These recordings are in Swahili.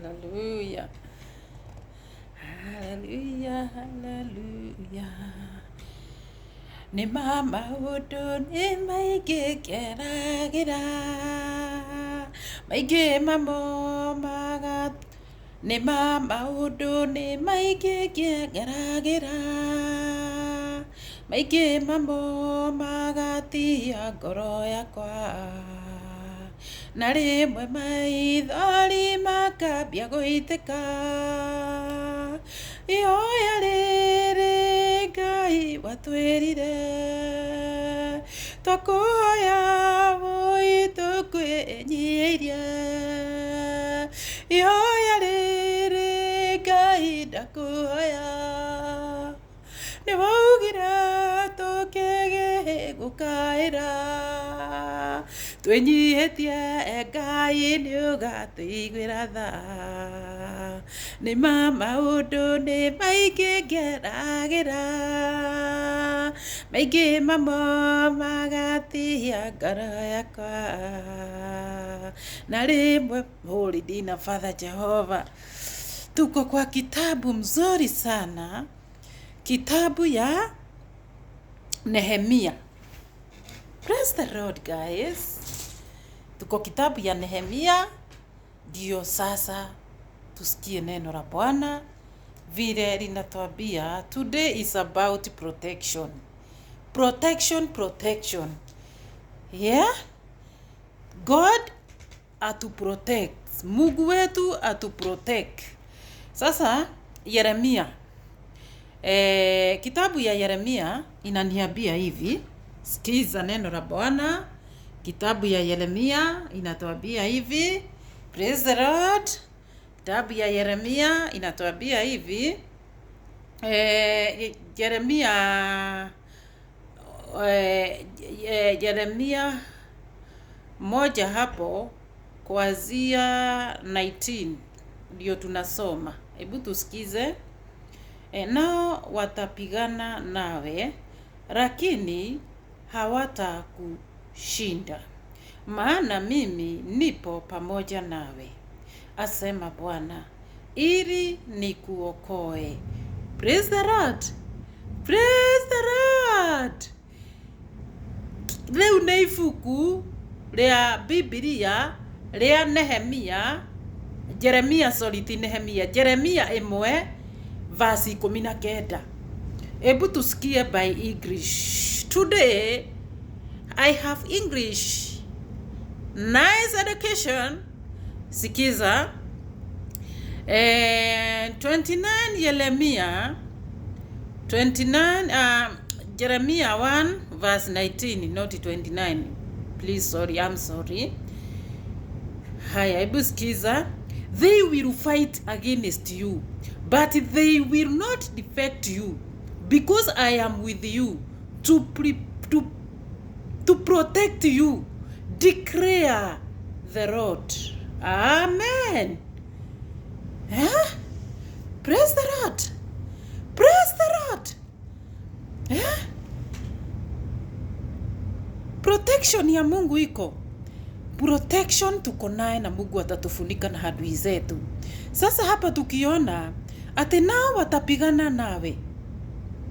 Hallelujah. Hallelujah. Hallelujah. Ni mama udun in my kera, gera. My mama magat. Ni mama udun in my gera gera. My mama magatia goro yakwa. Nare biago na rĩmwe maithori makambia gũitĩka ihoya rĩrĩ ngai watwĩrire twakũhoya mũitũkwĩnyihĩrie ihoya twĩnyihĩtie engai nĩ ũgatũiguĩra tha nĩ ma maũndũ nĩ maingĩ ngeragĩra maingĩ mamo magatihia ngoro yakwa na rĩmwe holy na father jehova tuko kwa kitabu mzuri sana kitabu ya nehemia praise the road, guys Tuko kitabu ya Nehemia, ndio sasa tusikie neno la Bwana vile linatuambia. Today is about protection, protection, protection. Yeah, God atu protect, Mungu wetu atu protect. Sasa Yeremia e, kitabu ya Yeremia inaniambia hivi, sikiza neno la Bwana Kitabu ya Yeremia inatuambia hivi, praise the Lord. Kitabu ya Yeremia inatuambia hivi e, Yeremia e, Yeremia moja hapo kuanzia 19 ndio tunasoma. Hebu tusikize. E, nao watapigana nawe, lakini hawataku shinda, maana mimi nipo pamoja nawe, asema Bwana, ili nikuokoe. Praise the Lord. Praise the Lord. Leo nĩ ibuku rĩa Bibilia rĩa Nehemia Jeremia, sorry ti Nehemia, Jeremia ĩmwe vasi ikũmi na kenda. Ebu tusikie by English. Today I have English nice education. Sikiza eh, 29 Yeremia 29 uh, um, Jeremia 1 verse 19 not 29. Please, sorry, I'm sorry. Haya, hebu sikiza. They will fight against you but they will not defeat you because I am with you to pre to to protect you, declare the Lord. Amen. Eh? Praise the Lord. Praise the Lord. Eh? Protection ya Mungu iko protection tuko naye na Mungu atatufunika na adui zetu. Sasa hapa tukiona ati nao watapigana nawe,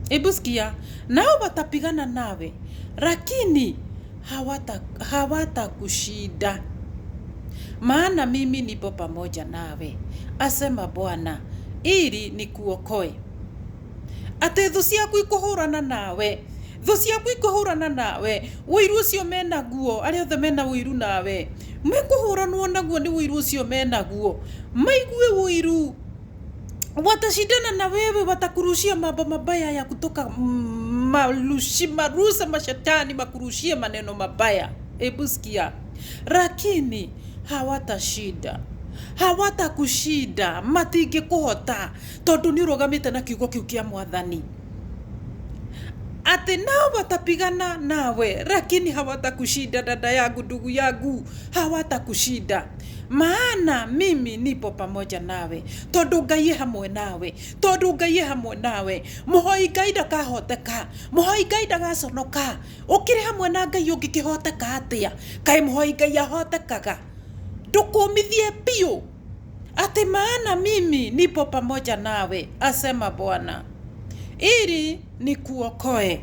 hebu sikia, nao watapigana nawe lakini hawatakushinda hawata maana mimi nipo pamoja nawe, asema Bwana, ili nikuokoe. Ati thu ciaku ikuhurana nawe, thu ciaku ikuhurana nawe, wiru ucio menaguo, aria othe mena wiru nawe mekuhuranwo naguo ni wiru ucio menaguo, maigue wiru, watashindana na wewe, watakurushia mambo mabaya ya kutoka mm, malushi marusa mashetani makurushia maneno mabaya. Hebu sikia, lakini hawatashinda hawata kushida matingi kuhota tondu ni urugamite na kiugo kiu kia mwathani ati nao watapigana nawe lakini hawata kushida. dada yangu ndugu yangu hawata kushida maana mimi nipo pamoja nawe tondu ngai hamwe nawe tondu ngai hamwe nawe muhoi ngai ndakahoteka muhoi ngai ndagaconoka ukiri hamwe na ngai ungikihoteka atia kai muhoi ngai ahotekaga ndukumithie biu ati maana mimi nipo pamoja nawe asema Bwana ni kuokoe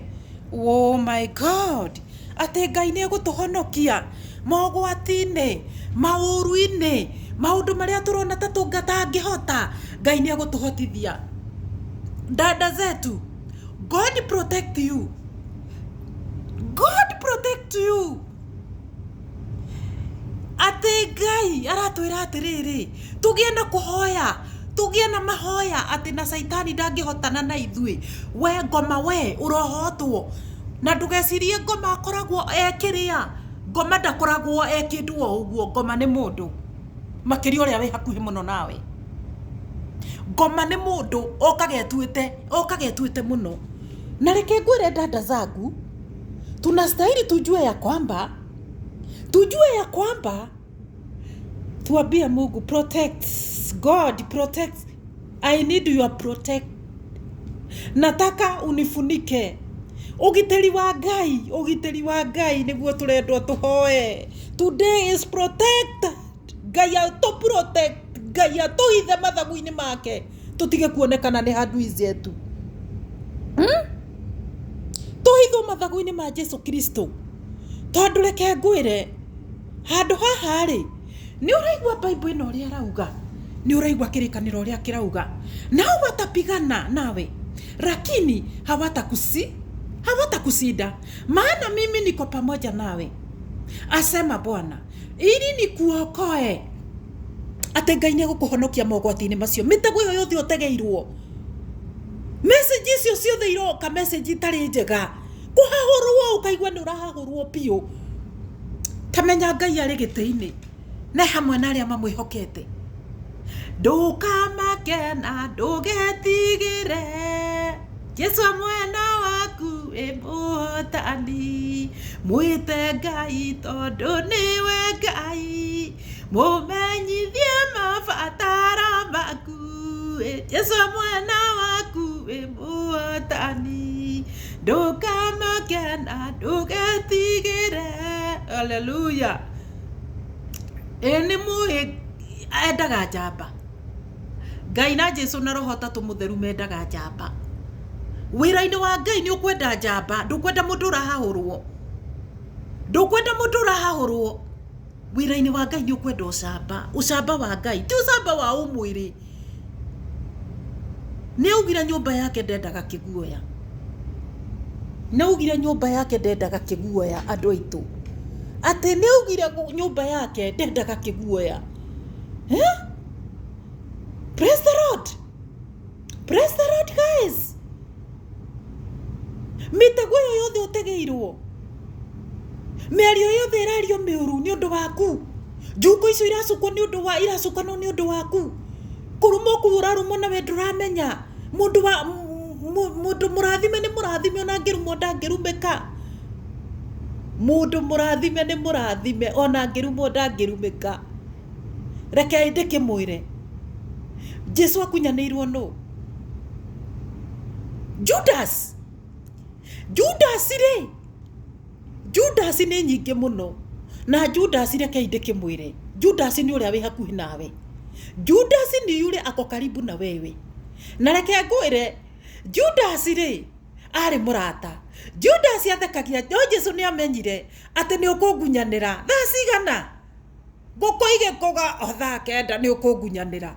oh my god ati ngai ni egutuhonokia mogwati-inä maåru-inä maå ndå marä a tå rona ta tå hota ngai nä agå tå hotithia dada zetu god protect you god protect you atä ngai aratwä ra atä rä rä tå gä e na kå hoya tugie na mahoya atä na caitani ndangĩhotana na ithuĩ we ngoma we ũrohotwo na ndũgecirie ngoma akoragwo ekĩrĩa ngoma ndakoragwo ekĩtwo uguo ngoma nĩ mũndũ makĩria ũrĩa wĩ hakuhi mũno nawe ngoma nĩ mũndũ ũkagetuĩte ũkagetuĩte mũno na reke ngwĩre dada zangu tunastahili tujue ya kwamba tujue ya kwamba tuambie mungu protect god protect i need your protect nataka unifunike ugiteri wa ngai ugiteri wa ngai niguo turendwo tuhoe today is protected ngai atu protect ngai atuhithe mathagu-inĩ make tutige kuonekana nĩ handu zetu hmm? tuhithwo mathagu-inĩ ma jesu kristo tondũ reke ngwĩre handũ haha rĩ nĩ ũraigua baibũ ĩno ũrĩa arauga nĩ ũraigua kĩrĩkanĩro ũrĩa kĩrauga na watapigana nawe lakini hawatakusi kusida maana mimi niko pamoja nawe, asema Bwana, ili nikuokoe. Ate Ngai nĩegũkũhonokia mogwati-inĩ macio mĩtego ĩyo yothe ũtegeirwo, message icio ciothe iroka, message itarĩ njega, kũhahũrwo ũkaigua nĩ ũrahahũrwo biũ. Tamenya Ngai gä tä inä na hamwe na arĩa mamwĩhokete. ndå na ndũgetigĩre, Jesũ amwe amwena gai emotani mwitegai dia ma e, ya ngai mumenyithie mabatara maku jesu na waku emotani ndukamakena ndugetigire haleluya ĩnĩ e daga japa gai na jesu na roho ta me daga njamba wira-inĩ wa ngai nĩ ũkwenda njamba ndũkwenda mũndũ ũrahahũrwo ndũkwenda mũndũ ũrahahũrwo wĩra ini wa ngai nĩ ũkwenda ũcamba ũcamba wa ngai ti ũcamba wa ũmwĩrĩ nĩ augire nyũmba yake ndendaga kĩguoya nĩ augire nyũmba yake ndendaga kĩguoya andũ aitũ atĩ nĩ augire nyũmba yake ndendaga kĩguoya eh? praise the lord praise the lord mĩtego ĩyo yothe utegeirwo mĩario yothe ĩrario mĩũru ni undu waku njungo icio iracukwo ni undu wa iracukanwo ni undu waku kũrumwo kũu ũrarumwo na we ndũramenya mundu wa mundu murathime ni murathime ona ngĩrumwo ndangĩrumĩka mundu murathime ni murathime ona ngĩrumwo ndangĩrumĩka rekei ndĩkĩmwĩre jesu akunyanĩirwo nũ judas judas rä judas nä nyingä må no na judasi reke indä kä mwä re judasi nä å rä a wä hakuhä nawe judasi nä yurä ako karibu na wewe na reke ngwä re judasi rä arä må rata judasi athekagia o jesu nä amenyire atä nä å kå ngunyanä ra thaa cigana ngå kå igä kå ga thaa kenda nä å kå ngunyanä ra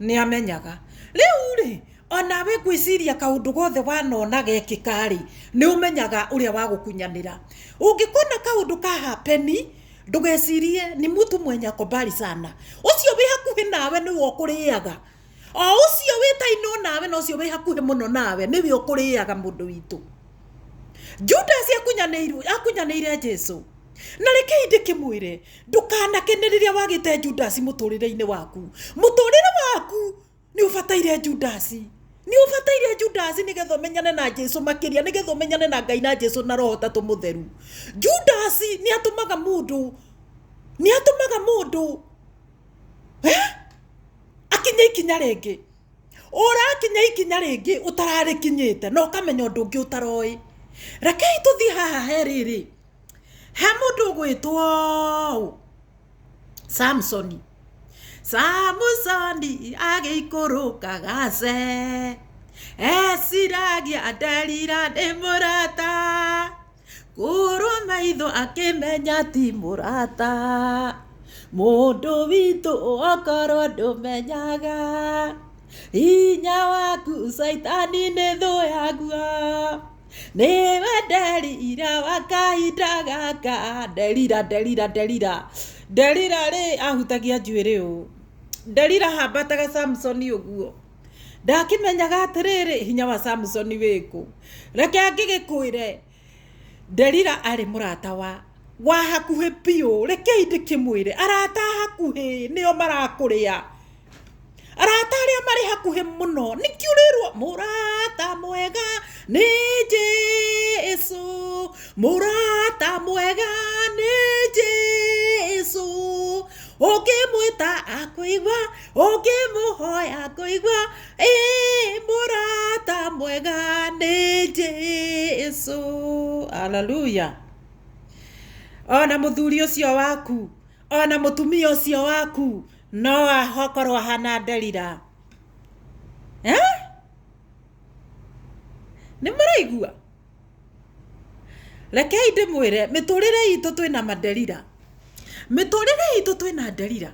nä amenyaga rä u rä ona we gwiciria kaundu gothe wanona gekika ri ni umenyaga uria wa gukunyanira ungikona kaundu ka hapeni ndugecirie ni mutu mwenya kobali sana ucio wi hakuhi nawe ni wokuriaga o ucio wi no nawe na ucio wi hakuhi muno nawe ni we ukuriaga mundu witu judasi akunyaniirwo akunyaniire jesu na rekei ndikimwire ndukanakeneriria wagite judas muturire-ini waku muturire waku ni ubataire judas ni ubataire Judas nigetha menyane na Jesu makiria nigetha menyane na Ngai na Jesu na roho tatu tumutheru Judas ni atumaga mundu ni atumaga mundu eh akinya ikinya ringi urakinya ikinya ringi utararikinyite na ukamenya undu ungi utaroi rekei tuthii haha he riri he mundu ugwitwo Samsoni Samusoni agĩikũrũkaga ce eciragia nderira nĩ mũrata kũrwo maitho menya ti må rata mũrata mũndũ witũ okorwo menyaga hinya waku caitani nĩ thũyagua nĩwe nderira wa kahinda gaka nderira nderira nderira nderira rä ahutagia njuä rä å ndarira hambataga samsoni uguo ndakimenyaga atiriri hinya wa samsoni wiku reke ngigikwire ndarira ari murata wa wa hakuhi piu rekei ndikimwire arata hakuhi nio marakuria arata aria mari hakuhi muno nikiurirwo murata mwega ni jesu murata mwega ni jesu ũngĩmwĩta akũigua ũngĩmũhoya akũigua ĩ mũrata mwega nĩ Jesũ haleluya ona mũthuri ũcio waku ona mũtumia ũcio waku no akorwo hana nderira eh? nĩ mũraigua rekei ndĩmwĩre mĩtũrĩre itũ twĩna maderira miturire itu twina ndelira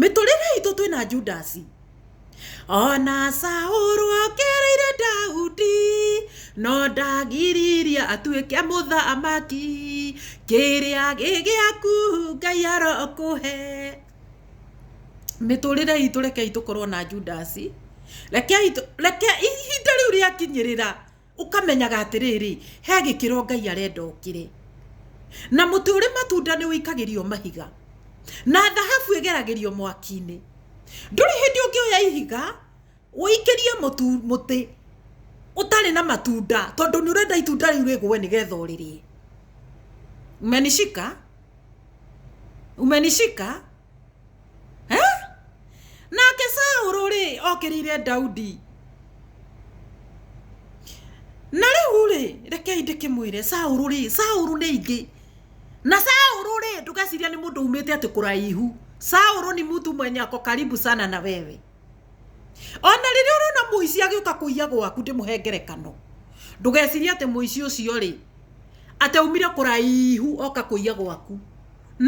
miturire itu twina judasi ona saũrũ okĩrĩire daudi no ndagiririe atuĩke mũthamaki kĩrĩa gĩgĩaku ngai arokũhe mĩtũrĩre itũ rekei tũkorwo na judasi rekei reke ihinda rĩu rĩakinyĩrĩra ũkamenyaga atĩrĩrĩ he gĩkĩro ngai arenda ũkĩre na må å rä matunda nä wä ikagä rio mahiga na thahabu geragä rio mwaki-inä ndå rä hä ndä å ngä oya ihiga ikä rie må tä å tarä na matunda tondå nä å renda itunda rä u rä gwe nä getha å rä rä umenishika umenishika eh? nake saũrå rä okä rä ire daudi na rä u rä rekei ndä kä mwä re saũrå rä saũrå nä ingä na Saũlũ rĩ ndũgeciria ni mũndũ umĩte ati kuraihu Saũlũ ni mtu mwenye ako karibu sana na wewe ona rĩrĩa ũrona mũici agĩũka kũiya gwaku ndĩmũhe ngerekano ndũgecirie atĩ mũici ũcio rĩ atĩ aumire kũraihu oka kũiya gwaku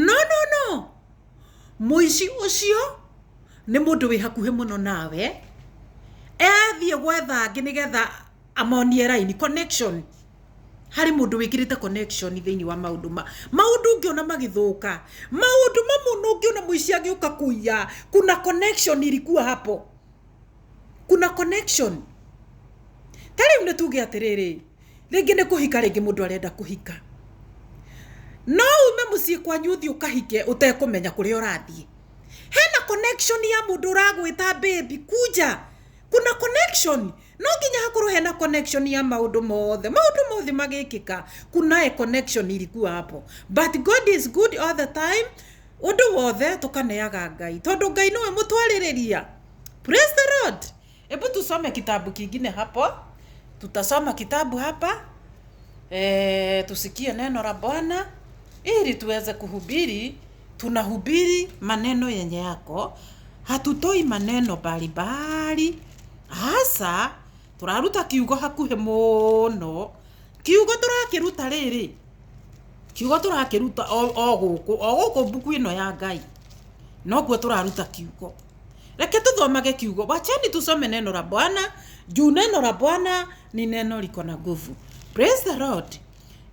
no no no mũici ũcio nĩ mũndũ wĩ hakuhĩ mũno nawe ethiĩ gwetha angĩ nĩgetha amonie raini connection harä må ndå wä ngä rä te thä inä wa maå ndå ma maå ndå ngä ona magä ka maundu mamwe ungiona muici agiuka kuiya kuna connection ilikuwa hapo kuna connection tariu ni tuge atiriri ringi ni kuhika ringi mundu arenda kuhika no ume ciä kwanyu kå ukahike a å rathiä hena connection ya mundu uragwita baby kuja kuna connection no nginya hakorwo hena connection ya maundu mothe maundu mothe magikika kunae connection iliku hapo but god is good all the time undu wothe tukaneaga ngai tondu ngai niwe mutwaririria praise the lord hebu tusome kitabu kingine hapo tutasoma kitabu hapa e, tusikie neno la bwana ili tuweze kuhubiri tunahubiri maneno yenye yako hatutoi maneno mbalimbali hasa turaruta kiugo hakuhe mono kiugo turakiruta riri kiugo turakiruta o guku o guku mbuku ino ya ngai noguo turaruta kiugo reke tuthomage kiugo wacheni tusome neno la bwana juu neno la bwana ni neno liko na nguvu praise the lord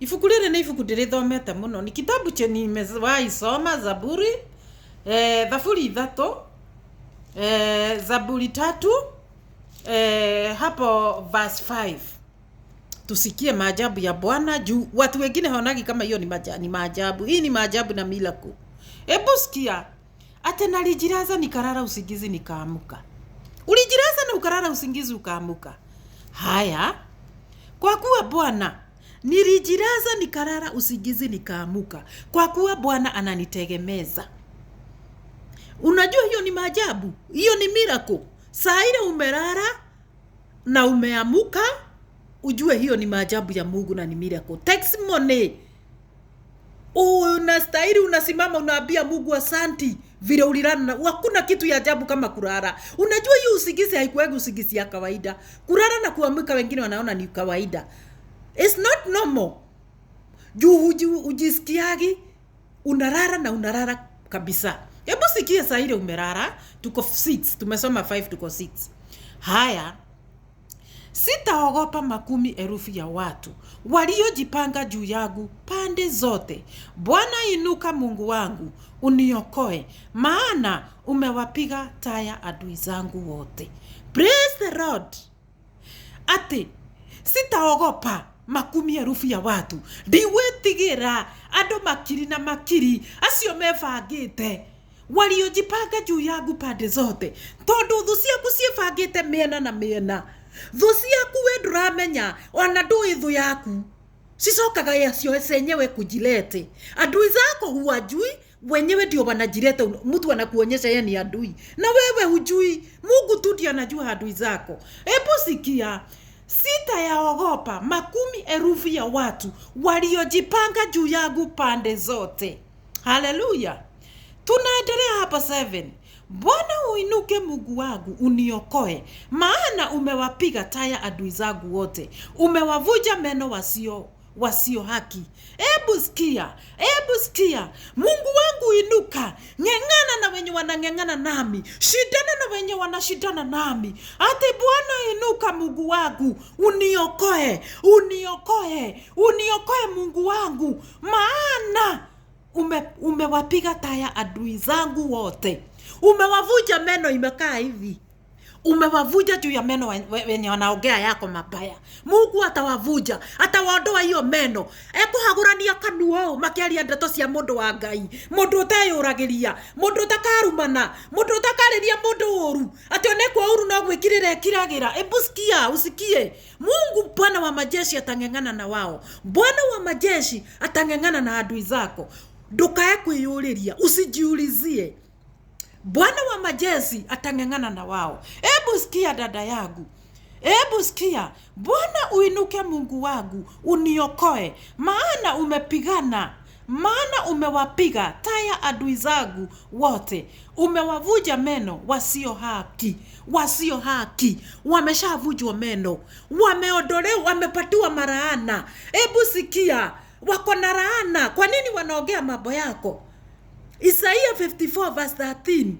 ibuku rĩrĩ nĩ ibuku ndĩrĩthomete mũno ni kitabu chenye nimewaisoma zaburi eh, thaburi ithatũ eh, zaburi tatu eh, hapo verse 5 tusikie maajabu ya Bwana juu watu wengine haonagi kama hiyo ni, maja, ni maajabu. Hii ni maajabu na miracle. Hebu sikia, ate nalijiraza nikarara usingizi nikaamuka. ulijiraza na ukarara usingizi ukaamuka. Haya, kwa kuwa Bwana nilijiraza nikarara usingizi nikaamuka, kwa kuwa Bwana ananitegemeza. Unajua hiyo ni maajabu, hiyo ni miracle saa ile umelala na umeamuka, ujue hiyo ni maajabu ya Mungu na ni miracle testimony. Unastahili, unasimama, unaambia Mungu asanti vile ulilala. Hakuna kitu ya ajabu kama kulala. Unajua hiyo usingizi haikuwegi usingizi ya kawaida. Kulala na kuamka, wengine wanaona ni kawaida, it's not normal. Juu ujisikiagi unarara na unarara kabisa. Hebu sikie saa ile tuko six, tumesoma five, tuko six. Haya, sitaogopa makumi elfu ya watu waliojipanga juu yangu pande zote. Bwana inuka, Mungu wangu uniokoe, maana umewapiga taya adui zangu wote. Praise the Lord. Ati sitaogopa makumi elfu ya watu, ndiwitigira andu makiri na makiri acio mebangite waliojipanga juu yangu pande zote tondu thu ciaku ciĩbangĩte mĩena na mĩena thu ciaku we ndũramenya ona ndũĩ thũ yaku cicokaga yacio cenyewe kujilete adui zako huwajui wenyewe ndio wanajirete mtu anakuonyesha yeye ni adui na wewe hujui mungu tu ndio anajua adui zako hebu sikia sita ya ogopa makumi erufu ya watu waliojipanga juu yangu pande zote haleluya tunaendelea hapa 7 Bwana uinuke, Mungu wangu uniokoe, maana umewapiga taya adui zangu wote, umewavuja meno wasio wasio haki. Ebu sikia, ebu sikia. Mungu wangu inuka, ng'eng'ana na wenye wanang'eng'ana nami, shidana na wenye wanashidana nami. Ati Bwana inuka, Mungu wangu uniokoe, uniokoe, uniokoe Mungu wangu, maana ume, umewapiga taya adui zangu wote, umewavuja meno, imekaa hivi umewavuja juu ya meno wenye wanaongea yako mabaya. Mungu atawavuja, atawaondoa hiyo meno, ekuhagurania kanua makiaria ndeto cia mundu wa Ngai, mundu uteyuragiria, mundu utakarumana, mundu utakariria mundu uru ati onekwa uru no gwikirira ekiragira. Ebu sikia usikie, Mungu Bwana wa majeshi atang'eng'ana na wao, Bwana wa majeshi atang'eng'ana na adui zako ndukae kwiyuriria usijiulizie Bwana wa majezi atang'ang'ana na wao. Ebu sikia dada yangu, ebu sikia. Bwana uinuke, Mungu wangu, uniokoe, maana umepigana, maana umewapiga taya adui zangu wote, umewavuja meno wasio haki. Wasio haki wameshavujwa meno, wameodolewa, wamepatiwa maraana. Ebu sikia wako na laana. Kwa nini wanaongea mambo yako? Isaia 54 verse 13.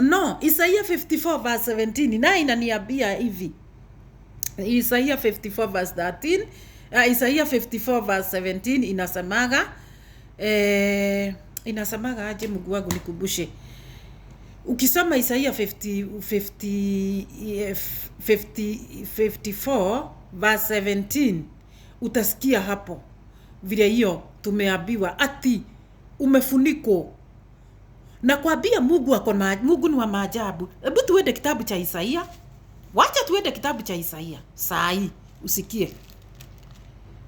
No, Isaia 54 verse 17 na inaniambia hivi. Isaia 54 verse 13, uh, Isaia 54 verse 17 inasemaga eh, inasemaga aje? Mungu wangu nikumbushe. Ukisoma Isaia 50, 50, 50, 54 verse 17 utasikia hapo vile hiyo tumeambiwa ati umefunikwa na kuambia mugu ako na ni wa maajabu. Hebu tuende kitabu cha Isaia, wacha tuende kitabu cha Isaia saa hii usikie.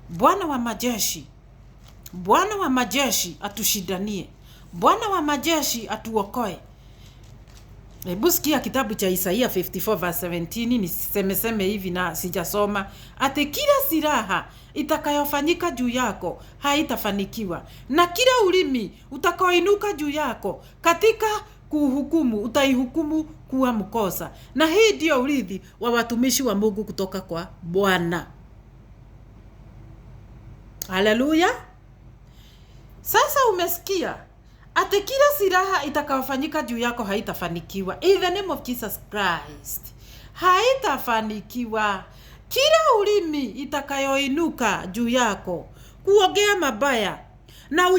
Bwana wa majeshi, Bwana wa majeshi atushindanie, Bwana wa majeshi atuokoe. Hebu eh, sikia kitabu cha Isaia 54 verse 17, nisemeseme hivi na sijasoma. Ate kila silaha itakayofanyika juu yako haitafanikiwa, na kila ulimi utakaoinuka juu yako katika kuhukumu utaihukumu kuwa mkosa. Na hii ndio urithi wa watumishi wa Mungu kutoka kwa Bwana. Haleluya! Sasa umesikia atĩ kila silaha itakayofanyika juu yako haitafanikiwa. In the name of Jesus Christ, haitafanikiwa. Kila ulimi itakayoinuka juu yako kuongea mabaya na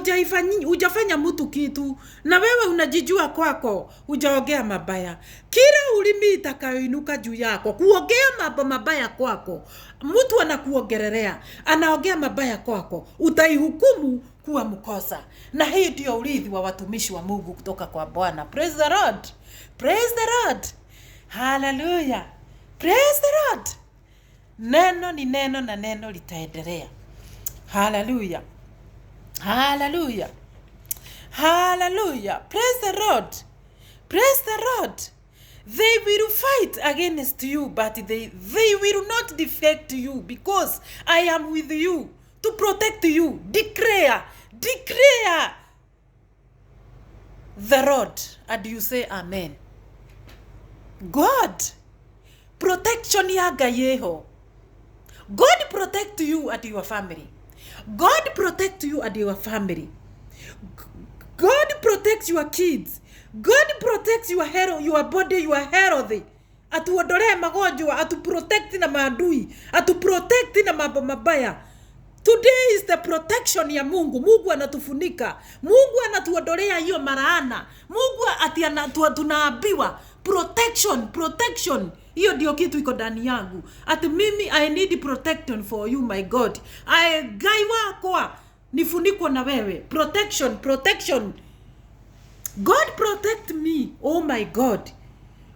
ujafanya mtu kitu, na wewe unajijua kwako hujaongea mabaya. Kila ulimi itakayoinuka juu yako kuongea mambo mabaya kwako, mtu anakuongelelea, anaongea mabaya kwako, utaihukumu kuwa mkosa. Na hii ndio urithi wa watumishi wa Mungu kutoka kwa Bwana. Praise the Lord. Praise the Lord. haleluya, Praise the Lord. Neno ni neno na neno litaendelea. Haleluya, haleluya, haleluya, Praise the Lord. Praise the Lord. They will fight against you, but they, they will not defect you because I am with you to protect you. Declare declare the road and you say amen god protection ya ngai iho god protect you and your family god protect you and your family god protect your kids god protect your hero, your body your health atuondolee magonjwa atuprotect na maadui atuprotect na mambo mabaya Today is the protection ya Mungu. Mungu anatufunika, Mungu anatuondolea hiyo maraana. Mungu ati anatua, tunaambiwa protection, protection hiyo ndio kitu iko ndani yangu, ati mimi I need protection for you my God, I gai wakwa nifunikwa na wewe, protection, protection. God protect me, oh my God.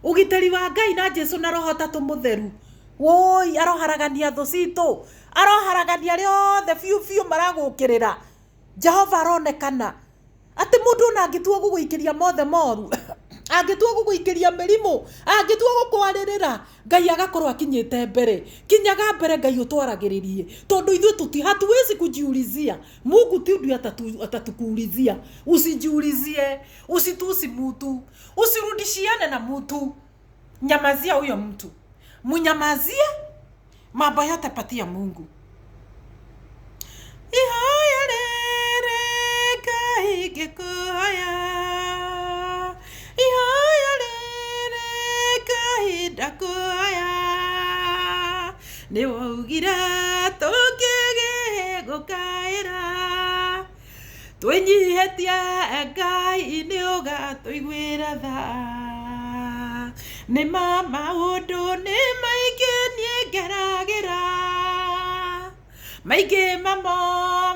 Ugitari wa Ngai na Jesu na roho tatu mutheru woi aroharagania thũ citũ aroharagania riothe biu biu maragukirira jehova aronekana atä må ndå ona angä tua gå gå ikä ria mothe moru angä tua gå gå ikä ria mä rimå angä tua gå kwarä rä ra ngai agakorwo akinyä te mbere kinyaga mbere ngai å twaragä rä rie tondå ithuä tå ti hatuwezi kujiulizia mungu tindu atatukuulizia usijiulizie usitusi mutu usirudishiane na mutu nyamazia huyo mtu munyamazie mambo yote patia Mungu. ihoya rereka ingikuhoya ihoya rereka ndakuhoya nĩ waugire tũngĩgĩgũkaĩra twĩnyihĩtie Ngai nĩ ũgatũiguĩra tha Nemama odo nemaigen ye gera gera. Maige mamo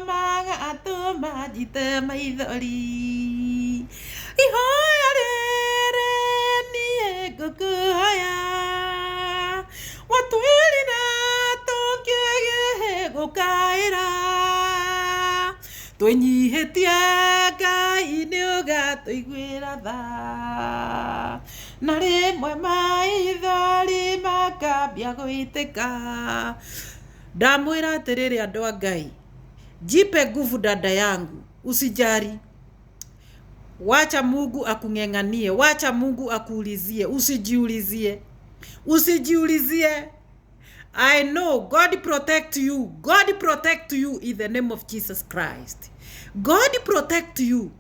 maga ato yare maithori. Ihoya rere nie gukuhaya. Watwiri na tokyo ye gukaira. Twenyihetie ngai nĩ ũgatũiguĩra tha na rĩmwe maitho makambia gũitĩka ndamwĩra atĩrĩrĩ andũ a ngai jipe nguvu dada yangu usijari wacha mungu akung'eng'anie wacha mungu akuulizie usijiulizie usijiulizie I know God protect you. God protect you in the name of Jesus Christ. God protect you.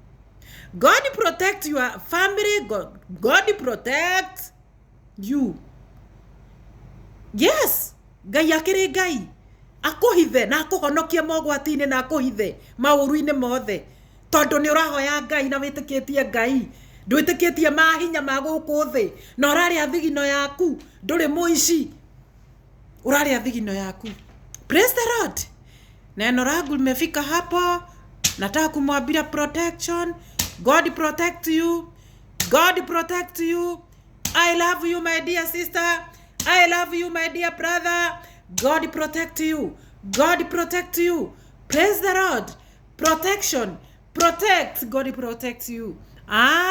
God protect your family. God, God protect you. Yes. Ngai akĩrĩ Ngai. Akũhithe na akũhonokie mogwati-inĩ na akũhithe maũru-inĩ mothe. Tondũ nĩ ũrahoya Ngai na wĩtĩkĩtie Ngai. Ndwĩtĩkĩtie mahinya ma gũkũ thĩ na ũrarĩa thigino yaku. Ndũrĩ mũici. Ũrarĩa thigino yaku. Praise the Lord. Neno langu limefika hapo. Nataka kumwambia protection. God protect you. God protect you. I love you, my dear sister. I love you, my dear brother. God protect you. God protect you. Praise the Lord. Protection. Protect. God protect you. Ah.